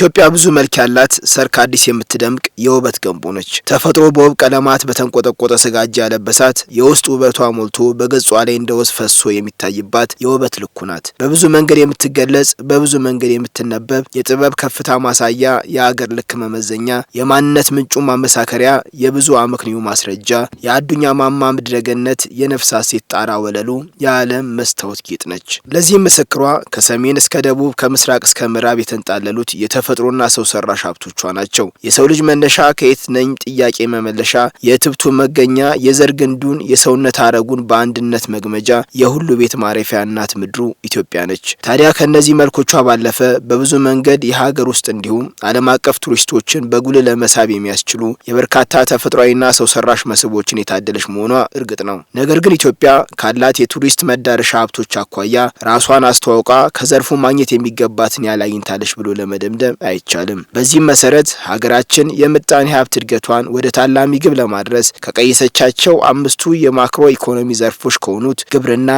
ኢትዮጵያ ብዙ መልክ ያላት ሰርክ አዲስ የምትደምቅ የውበት ገንቦ ነች። ተፈጥሮ በውብ ቀለማት በተንቆጠቆጠ ስጋጅ ያለበሳት የውስጥ ውበቷ ሞልቶ በገጿ ላይ እንደ ወዝ ፈሶ የሚታይባት የውበት ልኩ ናት። በብዙ መንገድ የምትገለጽ፣ በብዙ መንገድ የምትነበብ፣ የጥበብ ከፍታ ማሳያ፣ የአገር ልክ መመዘኛ፣ የማንነት ምንጩ ማመሳከሪያ፣ የብዙ አመክንዮ ማስረጃ፣ የአዱኛ ማማ ምድረገነት፣ የነፍሳ ሴት ጣራ ወለሉ፣ የዓለም መስታወት ጌጥ ነች። ለዚህም ምስክሯ ከሰሜን እስከ ደቡብ ከምስራቅ እስከ ምዕራብ የተንጣለሉት የተፈ የተፈጥሮና ሰው ሰራሽ ሀብቶቿ ናቸው። የሰው ልጅ መነሻ ከየት ነኝ ጥያቄ መመለሻ፣ የትብቱ መገኛ፣ የዘር ግንዱን የሰውነት አረጉን በአንድነት መግመጃ፣ የሁሉ ቤት ማረፊያ እናት ምድሩ ኢትዮጵያ ነች። ታዲያ ከእነዚህ መልኮቿ ባለፈ በብዙ መንገድ የሀገር ውስጥ እንዲሁም ዓለም አቀፍ ቱሪስቶችን በጉልህ ለመሳብ የሚያስችሉ የበርካታ ተፈጥሯዊና ሰው ሰራሽ መስህቦችን የታደለች መሆኗ እርግጥ ነው። ነገር ግን ኢትዮጵያ ካላት የቱሪስት መዳረሻ ሀብቶች አኳያ ራሷን አስተዋውቃ ከዘርፉ ማግኘት የሚገባትን ያህል አግኝታለች ብሎ ለመደምደም አይቻልም። በዚህም መሰረት ሀገራችን የምጣኔ ሀብት እድገቷን ወደ ታላሚ ግብ ለማድረስ ከቀየሰቻቸው አምስቱ የማክሮ ኢኮኖሚ ዘርፎች ከሆኑት ግብርና፣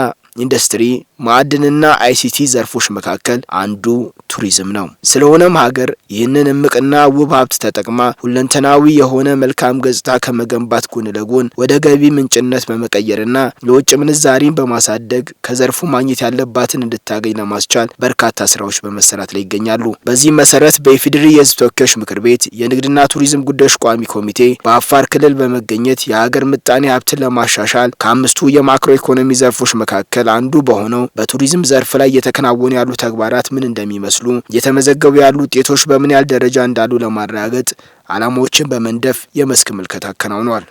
ኢንዱስትሪ፣ ማዕድንና አይሲቲ ዘርፎች መካከል አንዱ ቱሪዝም ነው። ስለሆነም ሀገር ይህንን እምቅና ውብ ሀብት ተጠቅማ ሁለንተናዊ የሆነ መልካም ገጽታ ከመገንባት ጎን ለጎን ወደ ገቢ ምንጭነት በመቀየርና ለውጭ ምንዛሪን በማሳደግ ከዘርፉ ማግኘት ያለባትን እንድታገኝ ለማስቻል በርካታ ስራዎች በመሰራት ላይ ይገኛሉ። በዚህ መሰረት በኢፌዴሪ የህዝብ ተወካዮች ምክር ቤት የንግድና ቱሪዝም ጉዳዮች ቋሚ ኮሚቴ በአፋር ክልል በመገኘት የሀገር ምጣኔ ሀብትን ለማሻሻል ከአምስቱ የማክሮ ኢኮኖሚ ዘርፎች መካከል አንዱ በሆነው በቱሪዝም ዘርፍ ላይ እየተከናወኑ ያሉ ተግባራት ምን እንደሚመስሉ፣ እየተመዘገቡ ያሉ ውጤቶች በምን ያህል ደረጃ እንዳሉ ለማረጋገጥ ዓላማዎችን በመንደፍ የመስክ ምልከታ አከናውኗል።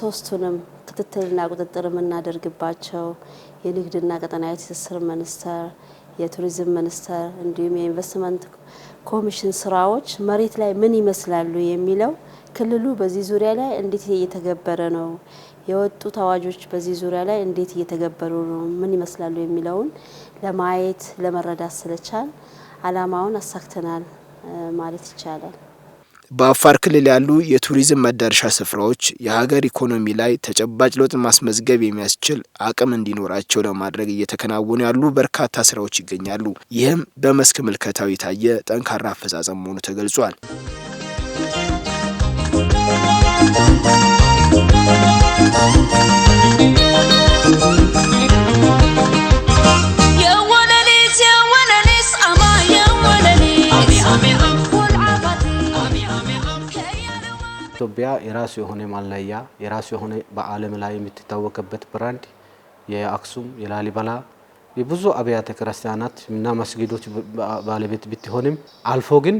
ሶስቱንም ክትትልና ቁጥጥር የምናደርግባቸው የንግድና ቀጠናዊ ትስስር ሚኒስቴር፣ የቱሪዝም ሚኒስቴር እንዲሁም የኢንቨስትመንት ኮሚሽን ስራዎች መሬት ላይ ምን ይመስላሉ የሚለው ክልሉ በዚህ ዙሪያ ላይ እንዴት እየተገበረ ነው፣ የወጡት አዋጆች በዚህ ዙሪያ ላይ እንዴት እየተገበሩ ነው፣ ምን ይመስላሉ የሚለውን ለማየት ለመረዳት ስለቻል አላማውን አሳክተናል ማለት ይቻላል። በአፋር ክልል ያሉ የቱሪዝም መዳረሻ ስፍራዎች የሀገር ኢኮኖሚ ላይ ተጨባጭ ለውጥ ማስመዝገብ የሚያስችል አቅም እንዲኖራቸው ለማድረግ እየተከናወኑ ያሉ በርካታ ስራዎች ይገኛሉ። ይህም በመስክ ምልከታው የታየ ጠንካራ አፈጻጸም መሆኑ ተገልጿል። Thank you. ኢትዮጵያ የራሱ የሆነ ማለያ የራሱ የሆነ በዓለም ላይ የምትታወቅበት ብራንድ የአክሱም የላሊበላ የብዙ አብያተ ክርስቲያናት እና መስጊዶች ባለቤት ብትሆንም አልፎ ግን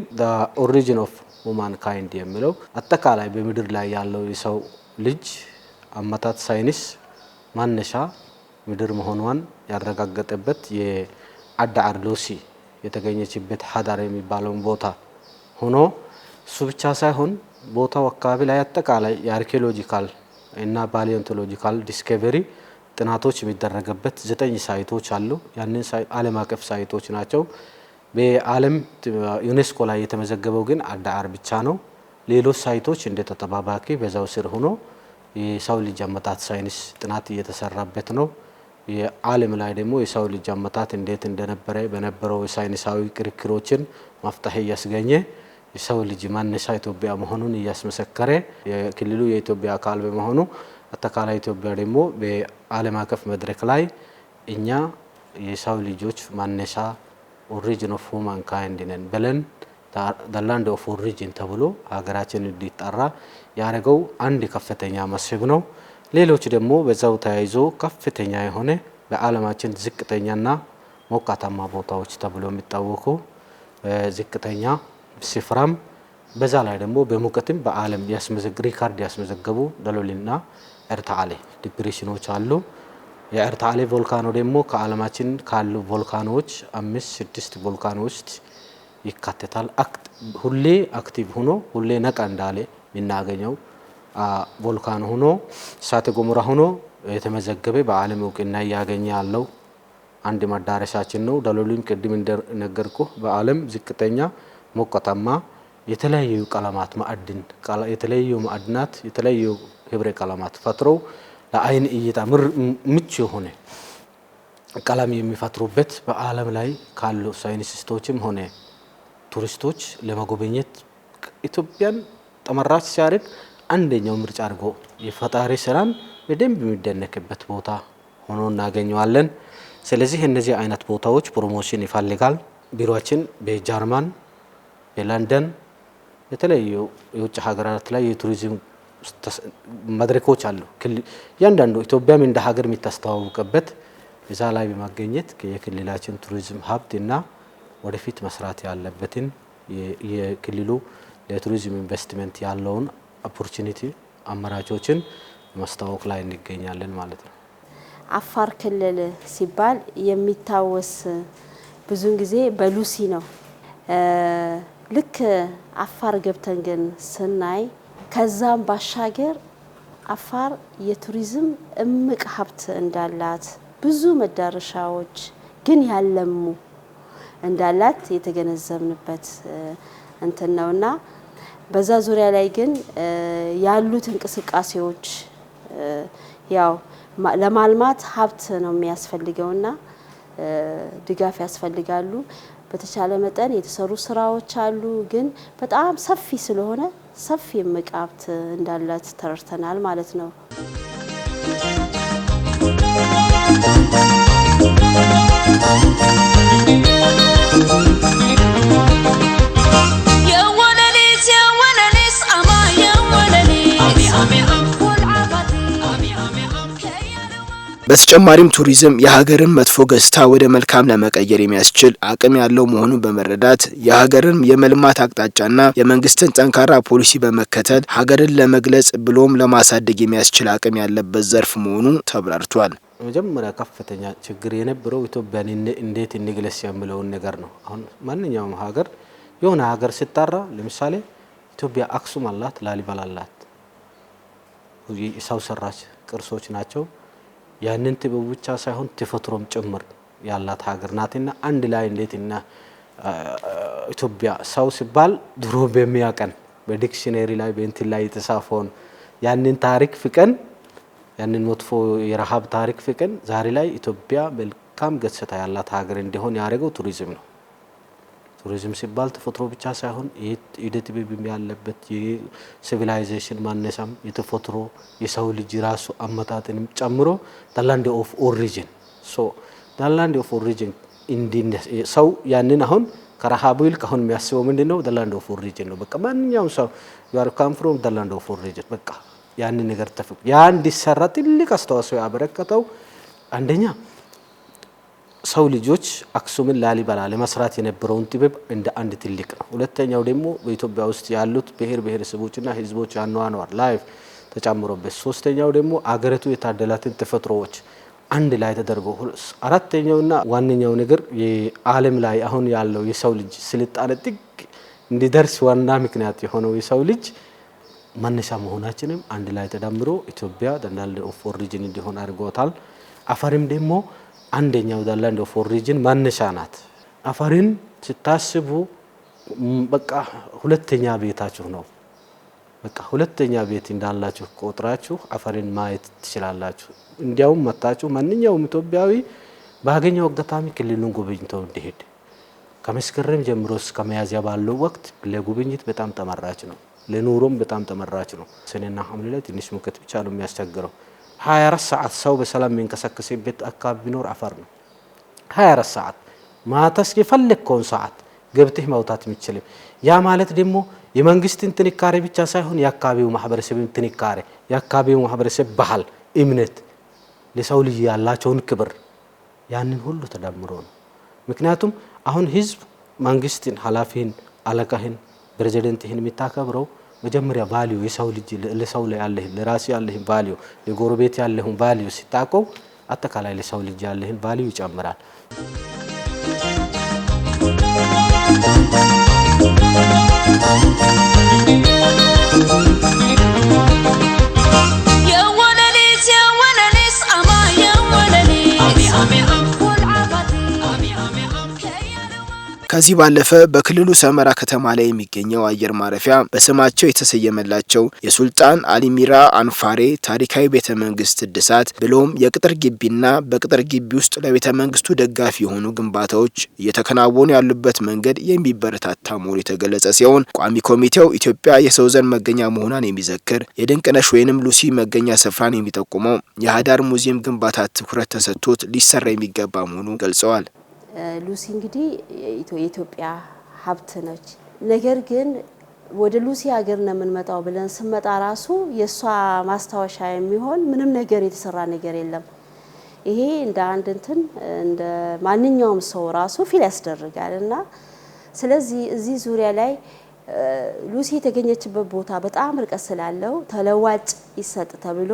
ኦሪጂን ኦፍ ሁማን ካይንድ የሚለው አጠቃላይ በምድር ላይ ያለው የሰው ልጅ አመታት ሳይንስ ማነሻ ምድር መሆኗን ያረጋገጠበት የአዳ አርዶሲ የተገኘችበት ሀዳር የሚባለውን ቦታ ሆኖ እሱ ብቻ ሳይሆን ቦታው አካባቢ ላይ አጠቃላይ የአርኪኦሎጂካል እና ፓሊዮንቶሎጂካል ዲስከቨሪ ጥናቶች የሚደረገበት ዘጠኝ ሳይቶች አሉ። ያንን ዓለም አቀፍ ሳይቶች ናቸው። በዓለም ዩኔስኮ ላይ የተመዘገበው ግን አዳአር ብቻ ነው። ሌሎች ሳይቶች እንደ ተጠባባቂ በዛው ስር ሆኖ የሰው ልጅ አመጣት ሳይንስ ጥናት እየተሰራበት ነው። የዓለም ላይ ደግሞ የሰው ልጅ አመጣት እንዴት እንደነበረ በነበረው የሳይንሳዊ ክርክሮችን መፍትሄ እያስገኘ የሰው ልጅ መነሻ ኢትዮጵያ መሆኑን እያስመሰከረ የክልሉ የኢትዮጵያ አካል በመሆኑ አጠቃላይ ኢትዮጵያ ደግሞ በዓለም አቀፍ መድረክ ላይ እኛ የሰው ልጆች መነሻ ኦሪጅን ኦፍ ካይንድ ነን ብለን ዘላንድ ኦፍ ኦሪጅን ተብሎ ሀገራችን እንዲጠራ ያደረገው አንድ ከፍተኛ መስህብ ነው። ሌሎች ደግሞ በዛው ተያይዞ ከፍተኛ የሆነ በዓለማችን ዝቅተኛና ሞቃታማ ቦታዎች ተብሎ የሚታወቁ ዝቅተኛ ሲፍራም በዛ ላይ ደግሞ በሙቀትም በዓለም ሪካርድ ያስመዘገቡ ደሎሊና ኤርታአሌ ዲፕሬሽኖች አሉ። የኤርታአሌ ቮልካኖ ደግሞ ከዓለማችን ካሉ ቮልካኖዎች አምስት ስድስት ቮልካኖ ውስጥ ይካተታል። ሁሌ አክቲቭ ሆኖ ሁሌ ነቃ እንዳለ የምናገኘው ቮልካኖ ሆኖ እሳተ ገሞራ ሆኖ የተመዘገበ በዓለም እውቅና እያገኘ ያለው አንድ መዳረሻችን ነው። ደሎሊም ቅድም እንደነገርኩ በዓለም ዝቅተኛ ሞቀታማ የተለያዩ ቀለማት ማዕድን የተለያዩ ማዕድናት የተለያዩ ህብረ ቀለማት ፈጥረው ለአይን እይታ ምቹ የሆነ ቀለም የሚፈጥሩበት በዓለም ላይ ካሉ ሳይንቲስቶችም ሆነ ቱሪስቶች ለመጎብኘት ኢትዮጵያን ተመራጭ ሲያደርግ አንደኛው ምርጫ አድርጎ የፈጣሪ ስራን በደንብ የሚደነቅበት ቦታ ሆኖ እናገኘዋለን። ስለዚህ እነዚህ አይነት ቦታዎች ፕሮሞሽን ይፈልጋል። ቢሮችን በጀርመን የለንደን የተለያዩ የውጭ ሀገራት ላይ የቱሪዝም መድረኮች አሉ። እያንዳንዱ ኢትዮጵያም እንደ ሀገር የሚታስተዋውቅበት እዛ ላይ በማገኘት የክልላችን ቱሪዝም ሀብት እና ወደፊት መስራት ያለበትን የክልሉ ለቱሪዝም ኢንቨስትመንት ያለውን ኦፖርቹኒቲ አማራጮችን ማስተዋወቅ ላይ እንገኛለን ማለት ነው። አፋር ክልል ሲባል የሚታወስ ብዙን ጊዜ በሉሲ ነው። ልክ አፋር ገብተን ግን ስናይ ከዛም ባሻገር አፋር የቱሪዝም እምቅ ሀብት እንዳላት ብዙ መዳረሻዎች ግን ያለሙ እንዳላት የተገነዘብንበት እንትን ነውና በዛ ዙሪያ ላይ ግን ያሉት እንቅስቃሴዎች ያው ለማልማት ሀብት ነው የሚያስፈልገውና ድጋፍ ያስፈልጋሉ። በተቻለ መጠን የተሰሩ ስራዎች አሉ፣ ግን በጣም ሰፊ ስለሆነ ሰፊ ምቃብት እንዳላት ተረድተናል ማለት ነው። በተጨማሪም ቱሪዝም የሀገርን መጥፎ ገጽታ ወደ መልካም ለመቀየር የሚያስችል አቅም ያለው መሆኑን በመረዳት የሀገርን የመልማት አቅጣጫና የመንግስትን ጠንካራ ፖሊሲ በመከተል ሀገርን ለመግለጽ ብሎም ለማሳደግ የሚያስችል አቅም ያለበት ዘርፍ መሆኑ ተብራርቷል። መጀመሪያ ከፍተኛ ችግር የነበረው ኢትዮጵያን እንዴት እንግለጽ የሚለውን ነገር ነው። አሁን ማንኛውም ሀገር የሆነ ሀገር ሲጣራ ለምሳሌ ኢትዮጵያ አክሱም አላት፣ ላሊበላ አላት፣ ሰው ሰራሽ ቅርሶች ናቸው። ያንን ጥበብ ብቻ ሳይሆን ተፈጥሮም ጭምር ያላት ሀገር ናትና አንድ ላይ እንዴት እና ኢትዮጵያ ሰው ሲባል ድሮ በሚያቀን በዲክሽነሪ ላይ በእንትን ላይ የተጻፈውን ያንን ታሪክ ፍቀን ያንን መጥፎ የረሃብ ታሪክ ፍቅን ዛሬ ላይ ኢትዮጵያ መልካም ገጽታ ያላት ሀገር እንዲሆን ያደረገው ቱሪዝም ነው። ቱሪዝም ሲባል ተፈጥሮ ብቻ ሳይሆን የእደ ጥበብም ያለበት የሲቪላይዜሽን ማነሳም የተፈጥሮ የሰው ልጅ ራሱ አመጣጥንም ጨምሮ ዳላንድ ኦፍ ኦሪጅን ሶ ዳላንድ ኦፍ ኦሪጅን ሰው ያንን አሁን ከረሃቡ ይልቅ አሁን የሚያስበው ምንድን ነው? ዳላንድ ኦፍ ኦሪጅን ነው። በቃ ማንኛውም ሰው ዩአር ካም ፍሮም ዳላንድ ኦፍ ኦሪጅን በቃ ያንን ነገር ተፍ ያ እንዲሰራ ትልቅ አስተዋጽኦ ያበረከተው አንደኛ ሰው ልጆች አክሱምን ላሊበላ ለመስራት የነበረውን ጥበብ እንደ አንድ ትልቅ ነው። ሁለተኛው ደግሞ በኢትዮጵያ ውስጥ ያሉት ብሔር ብሔረሰቦችና ህዝቦች አኗኗር ላይፍ ተጨምሮበት፣ ሶስተኛው ደግሞ አገሪቱ የታደላትን ተፈጥሮዎች አንድ ላይ ተደርጎ፣ አራተኛውና ዋነኛው ነገር የዓለም ላይ አሁን ያለው የሰው ልጅ ስልጣኔ ጥግ እንዲደርስ ዋና ምክንያት የሆነው የሰው ልጅ መነሻ መሆናችንም አንድ ላይ ተዳምሮ ኢትዮጵያ ደንዳል ኦፍ ኦሪጅን እንዲሆን አድርጎታል። አፈርም ደግሞ አንደኛው ዘ ላንድ ኦፍ ኦሪጅን ማነሻ ናት። አፈርን ስታስቡ በቃ ሁለተኛ ቤታችሁ ነው። በቃ ሁለተኛ ቤት እንዳላችሁ ቆጥራችሁ አፈርን ማየት ትችላላችሁ። እንዲያውም መታችሁ ማንኛውም ኢትዮጵያዊ ባገኘው አጋጣሚ ክልሉን ጎብኝቶ እንዲሄድ ከመስከረም ጀምሮ እስከ መያዝያ ባለው ወቅት ለጉብኝት በጣም ተመራጭ ነው። ለኑሮም በጣም ተመራጭ ነው። ሰኔና ሐምሌ ላይ ትንሽ ሙቀት ብቻ ነው የሚያስቸግረው። 24 ሰዓት ሰው በሰላም የሚንቀሳቀስበት አካባቢ ቢኖር አፈር ነው። 24 ሰዓት ማታስ የፈለግከውን ሰዓት ገብተህ ማውጣት የሚችልም ያ ማለት ደግሞ የመንግስትን ጥንካሬ ብቻ ሳይሆን የአካባቢው ማህበረሰብን ጥንካሬ፣ የአካባቢው ማህበረሰብ ባህል፣ እምነት፣ ለሰው ልጅ ያላቸውን ክብር ያንን ሁሉ ተዳምሮ ነው። ምክንያቱም አሁን ህዝብ መንግስትን፣ ኃላፊህን፣ አለቃህን፣ ፕሬዚደንትህን የሚታከብረው መጀመሪያ ቫሊዩ የሰው ልጅ ለሰው ላይ ያለህን ለራሱ ያለህን ቫሊዩ ለጎረቤት ያለህን ቫሊዩ ሲታቀው አጠቃላይ ለሰው ልጅ ያለህን ቫሊዩ ይጨምራል። Thank you. ከዚህ ባለፈ በክልሉ ሰመራ ከተማ ላይ የሚገኘው አየር ማረፊያ በስማቸው የተሰየመላቸው የሱልጣን አሊሚራ አንፋሬ ታሪካዊ ቤተ መንግስት እድሳት ብሎም የቅጥር ግቢና በቅጥር ግቢ ውስጥ ለቤተ መንግስቱ ደጋፊ የሆኑ ግንባታዎች እየተከናወኑ ያሉበት መንገድ የሚበረታታ መሆኑ የተገለጸ ሲሆን ቋሚ ኮሚቴው ኢትዮጵያ የሰው ዘር መገኛ መሆኗን የሚዘክር የድንቅነሽ ወይንም ሉሲ መገኛ ስፍራን የሚጠቁመው የሀዳር ሙዚየም ግንባታ ትኩረት ተሰጥቶት ሊሰራ የሚገባ መሆኑ ገልጸዋል። ሉሲ እንግዲህ የኢትዮጵያ ሀብት ነች። ነገር ግን ወደ ሉሲ ሀገር ነው የምንመጣው ብለን ስንመጣ ራሱ የእሷ ማስታወሻ የሚሆን ምንም ነገር የተሰራ ነገር የለም። ይሄ እንደ አንድ እንትን እንደ ማንኛውም ሰው ራሱ ፊል ያስደርጋል። እና ስለዚህ እዚህ ዙሪያ ላይ ሉሲ የተገኘችበት ቦታ በጣም ርቀት ስላለው ተለዋጭ ይሰጥ ተብሎ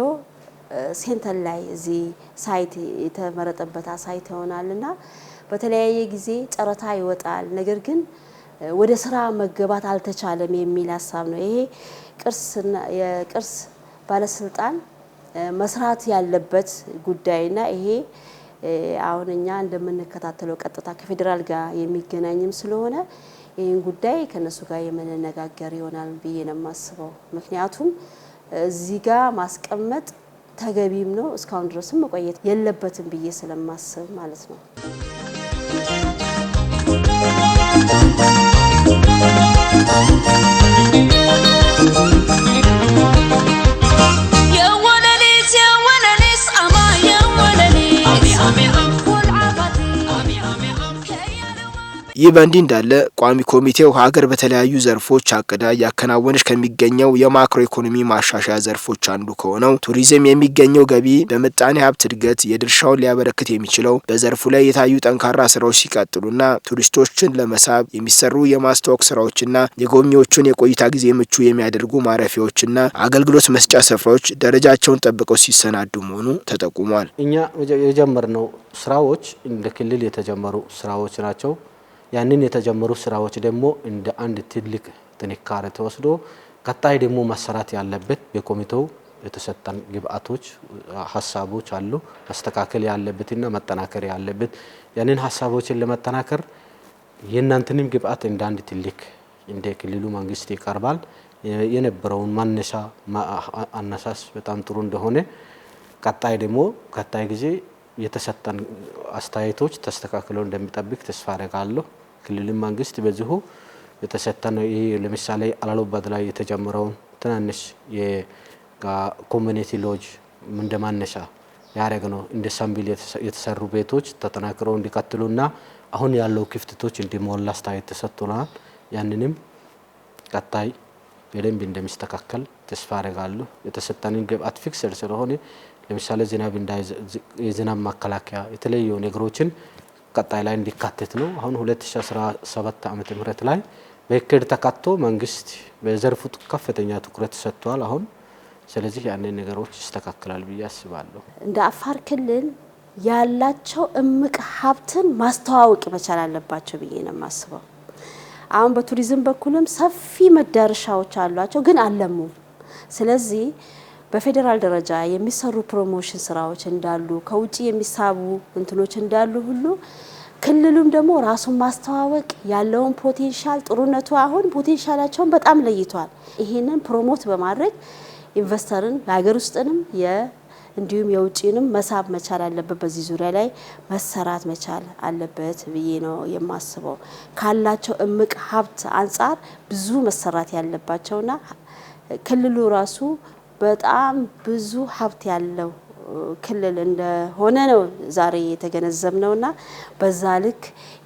ሴንተር ላይ እዚህ ሳይት የተመረጠበት ሳይት እና በተለያየ ጊዜ ጨረታ ይወጣል፣ ነገር ግን ወደ ስራ መገባት አልተቻለም የሚል ሀሳብ ነው። ይሄ የቅርስ ባለስልጣን መስራት ያለበት ጉዳይና ይሄ አሁን እኛ እንደምንከታተለው ቀጥታ ከፌዴራል ጋር የሚገናኝም ስለሆነ ይህን ጉዳይ ከነሱ ጋር የምንነጋገር ይሆናል ብዬ ነው የማስበው። ምክንያቱም እዚህ ጋር ማስቀመጥ ተገቢም ነው፣ እስካሁን ድረስም መቆየት የለበትም ብዬ ስለማስብ ማለት ነው። 何 ይህ በእንዲህ እንዳለ ቋሚ ኮሚቴው ሀገር በተለያዩ ዘርፎች አቅዳ እያከናወነች ከሚገኘው የማክሮ ኢኮኖሚ ማሻሻያ ዘርፎች አንዱ ከሆነው ቱሪዝም የሚገኘው ገቢ በምጣኔ ሀብት እድገት የድርሻውን ሊያበረክት የሚችለው በዘርፉ ላይ የታዩ ጠንካራ ስራዎች ሲቀጥሉና ቱሪስቶችን ለመሳብ የሚሰሩ የማስተዋወቅ ስራዎችና የጎብኚዎቹን የቆይታ ጊዜ ምቹ የሚያደርጉ ማረፊያዎችና አገልግሎት መስጫ ስፍራዎች ደረጃቸውን ጠብቀው ሲሰናዱ መሆኑ ተጠቁሟል። እኛ የጀመርነው ስራዎች እንደ ክልል የተጀመሩ ስራዎች ናቸው። ያንን የተጀመሩ ስራዎች ደግሞ እንደ አንድ ትልቅ ጥንካሬ ተወስዶ ቀጣይ ደግሞ መሰራት ያለበት የኮሚቴው የተሰጠን ግብአቶች፣ ሀሳቦች አሉ። መስተካከል ያለበትና መጠናከር ያለበት ያንን ሀሳቦችን ለመጠናከር የእናንተንም ግብአት እንደ አንድ ትልቅ እንደ ክልሉ መንግስት ይቀርባል። የነበረውን ማነሻ አነሳስ በጣም ጥሩ እንደሆነ ቀጣይ ደግሞ ቀጣይ ጊዜ የተሰጠን አስተያየቶች ተስተካክለው እንደሚጠብቅ ተስፋ አደርጋለሁ። ክልልን መንግስት በዚሁ የተሰጠን ይህ ለምሳሌ አላሎባት ላይ የተጀመረውን ትናንሽ የኮሚኒቲ ሎጅ እንደማነሻ ያደረግ ነው እንደ ሳምቢል የተሰሩ ቤቶች ተጠናክረው እንዲቀጥሉና አሁን ያለው ክፍተቶች እንዲሞላ አስተያየት ተሰጥቶናል። ያንንም ቀጣይ በደንብ እንደሚስተካከል ተስፋ አደርጋለሁ። የተሰጠንን ግብአት ፊክስድ ስለሆነ ለምሳሌ ዝናብ የዝናብ ማከላከያ የተለያዩ ነገሮችን ቀጣይ ላይ እንዲካተት ነው። አሁን 2017 ዓመተ ምህረት ላይ በእቅድ ተካቶ መንግስት በዘርፉ ከፍተኛ ትኩረት ሰጥቷል። አሁን ስለዚህ ያንን ነገሮች ይስተካከላል ብዬ አስባለሁ። እንደ አፋር ክልል ያላቸው እምቅ ሀብትን ማስተዋወቅ መቻል አለባቸው ብዬ ነው የማስበው። አሁን በቱሪዝም በኩልም ሰፊ መዳረሻዎች አሏቸው፣ ግን አለሙ ስለዚህ በፌዴራል ደረጃ የሚሰሩ ፕሮሞሽን ስራዎች እንዳሉ፣ ከውጭ የሚሳቡ እንትኖች እንዳሉ ሁሉ ክልሉም ደግሞ ራሱን ማስተዋወቅ ያለውን ፖቴንሻል ጥሩነቱ አሁን ፖቴንሻላቸውን በጣም ለይቷል። ይሄንን ፕሮሞት በማድረግ ኢንቨስተርን የሀገር ውስጥንም እንዲሁም የውጭንም መሳብ መቻል አለበት። በዚህ ዙሪያ ላይ መሰራት መቻል አለበት ብዬ ነው የማስበው። ካላቸው እምቅ ሀብት አንጻር ብዙ መሰራት ያለባቸውና ክልሉ ራሱ በጣም ብዙ ሀብት ያለው ክልል እንደሆነ ነው ዛሬ የተገነዘብ ነው እና በዛ ልክ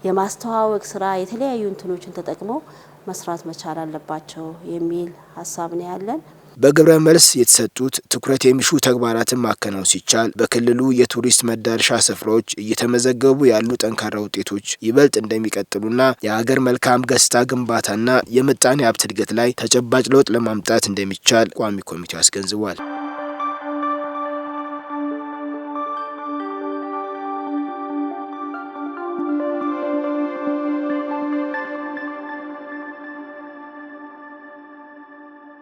የማስተዋወቅ ስራ የተለያዩ እንትኖችን ተጠቅመው መስራት መቻል አለባቸው የሚል ሀሳብ ነው ያለን። በግብረ መልስ የተሰጡት ትኩረት የሚሹ ተግባራትን ማከናወን ሲቻል በክልሉ የቱሪስት መዳረሻ ስፍራዎች እየተመዘገቡ ያሉ ጠንካራ ውጤቶች ይበልጥ እንደሚቀጥሉና የሀገር መልካም ገጽታ ግንባታና የምጣኔ ሀብት እድገት ላይ ተጨባጭ ለውጥ ለማምጣት እንደሚቻል ቋሚ ኮሚቴው አስገንዝቧል።